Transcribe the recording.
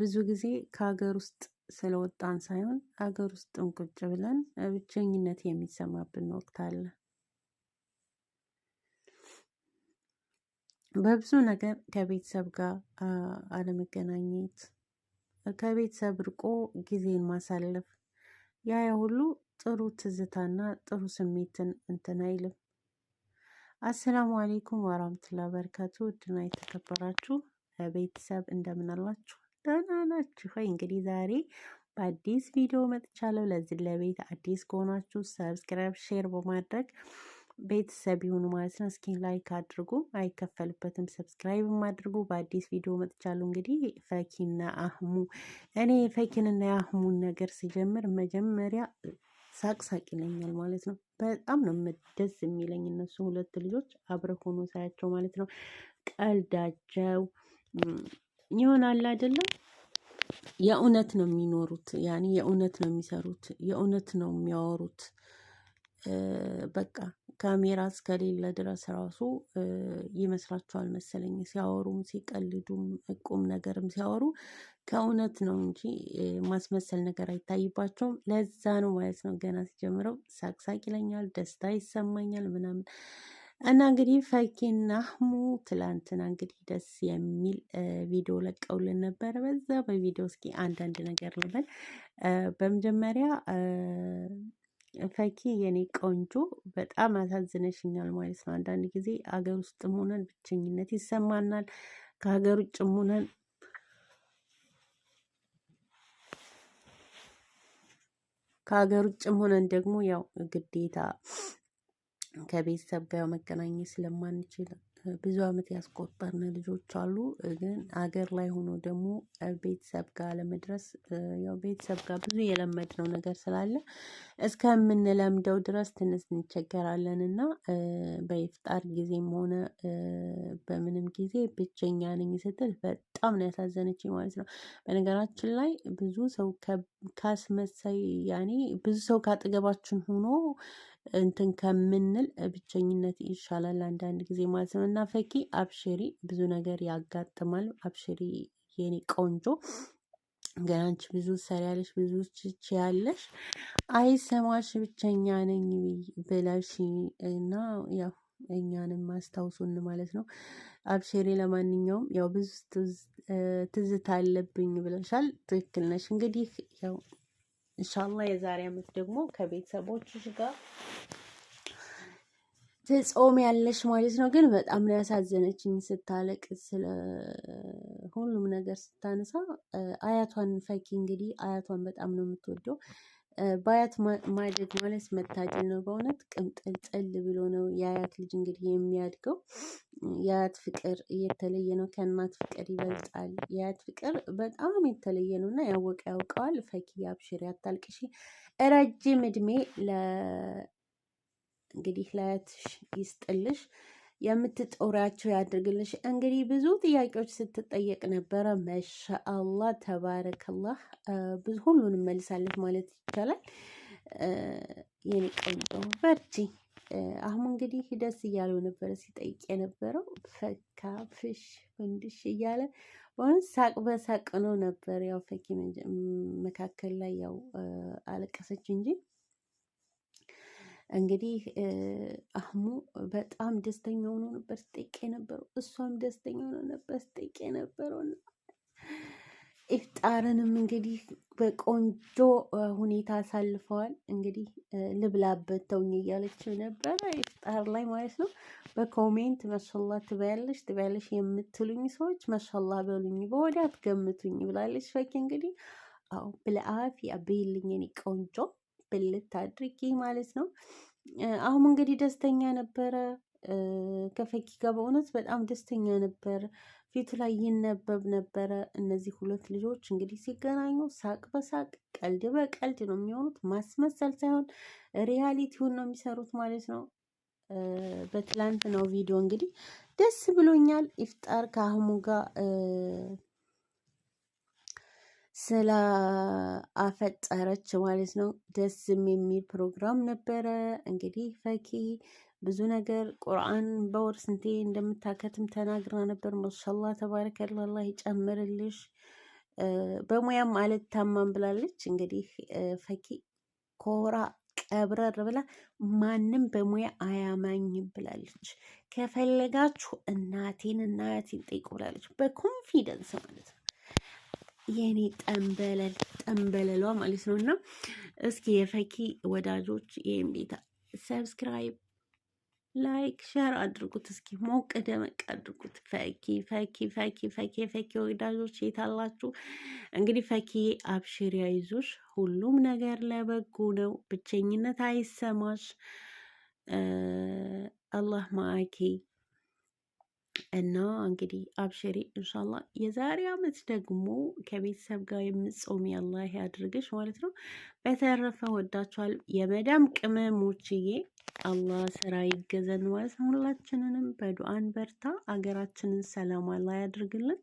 ብዙ ጊዜ ከሀገር ውስጥ ስለወጣን ሳይሆን ሀገር ውስጥም ቁጭ ብለን ብቸኝነት የሚሰማብን ወቅት አለ። በብዙ ነገር ከቤተሰብ ጋር አለመገናኘት፣ ከቤተሰብ ርቆ ጊዜን ማሳለፍ ያ ሁሉ ጥሩ ትዝታና ጥሩ ስሜትን እንትን አይልም። አሰላሙ አሌይኩም ወራህመቱላሂ በረካቱ። ውድና የተከበራችሁ ቤተሰብ እንደምን አላችሁ? ደህና ናችሁ? እንግዲህ ዛሬ በአዲስ ቪዲዮ መጥቻለሁ። ለዚህ ለቤት አዲስ ከሆናችሁ ሰብስክራይብ፣ ሼር በማድረግ ቤተሰብ ይሁኑ ማለት ነው። እስኪን ላይክ አድርጉ፣ አይከፈልበትም። ሰብስክራይብ አድርጉ። በአዲስ ቪዲዮ መጥቻለሁ። እንግዲህ ፈኪና አህሙ እኔ ፈኪንና የአህሙን ነገር ሲጀምር መጀመሪያ ሳቅሳቅ ይለኛል ማለት ነው። በጣም ነው ደስ የሚለኝ እነሱ ሁለት ልጆች አብረ ሆኖ ሳያቸው ማለት ነው ቀልዳቸው ይሆናል አይደለም። የእውነት ነው የሚኖሩት፣ ያኔ የእውነት ነው የሚሰሩት፣ የእውነት ነው የሚያወሩት። በቃ ካሜራ እስከሌለ ድረስ ራሱ ይመስላችኋል መሰለኝ ሲያወሩም ሲቀልዱም ቁም ነገርም ሲያወሩ ከእውነት ነው እንጂ ማስመሰል ነገር አይታይባቸውም። ለዛ ነው ማለት ነው ገና ሲጀምረው ሳቅሳቅ ይለኛል፣ ደስታ ይሰማኛል ምናምን እና እንግዲህ ፈኪና አህሙ ትላንትና እንግዲህ ደስ የሚል ቪዲዮ ለቀውልን ነበረ። በዛ በቪዲዮ እስኪ አንዳንድ ነገር ልበል። በመጀመሪያ ፈኪ የኔ ቆንጆ በጣም አሳዝነሽኛል ማለት ነው። አንዳንድ ጊዜ አገር ውስጥም ሆነን ብቸኝነት ይሰማናል። ከሀገር ውጭም ሆነን ከሀገር ውጭም ሆነን ደግሞ ያው ግዴታ ከቤተሰብ ጋር መገናኘት ስለማንችል ብዙ አመት ያስቆጠርን ልጆች አሉ። ግን ሀገር ላይ ሆኖ ደግሞ ቤተሰብ ጋር ለመድረስ ያው ቤተሰብ ጋር ብዙ የለመድነው ነገር ስላለ እስከምንለምደው ድረስ ትንሽ እንቸገራለን። እና በኢፍጣር ጊዜም ሆነ በምንም ጊዜ ብቸኛ ነኝ ስትል በጣም ነው ያሳዘነችኝ ማለት ነው። በነገራችን ላይ ብዙ ሰው ካስመሳይ ያኔ ብዙ ሰው ከአጠገባችን ሆኖ እንትን ከምንል ብቸኝነት ይሻላል አንዳንድ ጊዜ ማለት ነው። እና ፈኪ አብሽሪ ብዙ ነገር ያጋጥማል። አብሽሪ የኔ ቆንጆ ገና አንቺ ብዙ ትሰሪያለሽ፣ ብዙ ትችያለሽ። አይሰማሽ ብቸኛ ነኝ ብለሽ እና ያው እኛንም ማስታውሱን ማለት ነው። አብሽሬ ለማንኛውም ያው ብዙ ትዝታ አለብኝ ብለሻል። ትክክል ነሽ። እንግዲህ ያው እንሻላ የዛሬ አመት ደግሞ ከቤተሰቦችሽ ጋር ትጾም ያለሽ ማለት ነው። ግን በጣም ነው ያሳዘነችኝ ስታለቅ ስለ ሁሉም ነገር ስታነሳ አያቷን ፈኪ እንግዲህ አያቷን በጣም ነው የምትወደው። በአያት ማደግ ማለት መታደል ነው። በእውነት ጥል ብሎ ነው የአያት ልጅ እንግዲህ የሚያድገው። የአያት ፍቅር የተለየ ነው። ከእናት ፍቅር ይበልጣል። የአያት ፍቅር በጣም የተለየ ነው እና ያወቀ ያውቀዋል። ፈኪ አብሽሪ፣ አታልቅሺ። ረጅም እድሜ እንግዲህ ለአያትሽ ይስጥልሽ። የምትጦሪያቸው ያድርግልሽ። እንግዲህ ብዙ ጥያቄዎች ስትጠየቅ ነበረ። መሻአላ ተባረከላህ። ብዙ ሁሉን መልሳለች ማለት ይቻላል። የኔ ቆንጆ በርቺ። አሁን እንግዲህ ደስ እያለው ነበረ ሲጠይቅ የነበረው ፈካ ፍሽ ፍንድሽ እያለ በሆነ ሳቅ በሳቅ ነው ነበር። ያው ፈኪ መካከል ላይ ያው አለቀሰች እንጂ እንግዲህ አህሙ በጣም ደስተኛ ሆኖ ነበር ስጠይቅ የነበረው እሷም ደስተኛ ሆኖ ነበር ስጠይቅ የነበረውና ኢፍጣርንም እንግዲህ በቆንጆ ሁኔታ አሳልፈዋል። እንግዲህ ልብላበት ተውኝ እያለች ነበረ ኢፍጣር ላይ ማለት ነው። በኮሜንት መሻላ ትበያለሽ ትበያለሽ የምትሉኝ ሰዎች መሻላ በሉኝ፣ በወዲያ አትገምቱኝ ብላለች ፈኪ። እንግዲህ አዎ ብለአፍ ያብይልኝ የኔ ቆንጆ ብልት አድርጌ ማለት ነው። አሁን እንግዲህ ደስተኛ ነበረ ከፈኪ ጋር በእውነት በጣም ደስተኛ ነበር። ፊቱ ላይ ይነበብ ነበረ። እነዚህ ሁለት ልጆች እንግዲህ ሲገናኙ ሳቅ በሳቅ ቀልድ በቀልድ ነው የሚሆኑት። ማስመሰል ሳይሆን ሪያሊቲውን ነው የሚሰሩት ማለት ነው። ነው ቪዲዮ እንግዲህ ደስ ብሎኛል። ኢፍጣር ከአህሙ ጋር አፈጠረች ማለት ነው። ደስም የሚል ፕሮግራም ነበረ። እንግዲህ ፈኪ ብዙ ነገር ቁርአን በወር ስንቴ እንደምታከትም ተናግራ ነበር። ማሻላ ተባረከላ፣ አላህ ይጨምርልሽ። በሙያም አልታማም ብላለች። እንግዲህ ፈኪ ኮራ ቀብረር ብላ ማንም በሙያ አያማኝም ብላለች። ከፈለጋችሁ እናቴን እናያቴን ጠይቁ ብላለች። በኮንፊደንስ ማለት ነው። የኔ ጠንበለል ጠንበለሏ ማለት ነው። እና እስኪ የፈኪ ወዳጆች ይህም ሰብስክራይብ፣ ላይክ፣ ሸር አድርጉት። እስኪ ሞቅ ደመቅ አድርጉት። ፈኪ ፈኪ ፈኪ ፈኪ ፈኪ ወዳጆች የታላችሁ እንግዲህ ፈኪ አብሽር ያይዞሽ። ሁሉም ነገር ለበጎ ነው። ብቸኝነት አይሰማሽ። አላህ ማአኪ እና እንግዲህ አብሽሪ እንሻላ የዛሬ አመት ደግሞ ከቤተሰብ ጋር የምጾም ያላህ ያድርግሽ ማለት ነው። በተረፈ ወዳችኋል የመዳም ቅመሞችዬ አላህ ስራ ይገዘን ማለት ነው። ሁላችንንም በዱአን በርታ አገራችንን ሰላም አላህ ያድርግልን።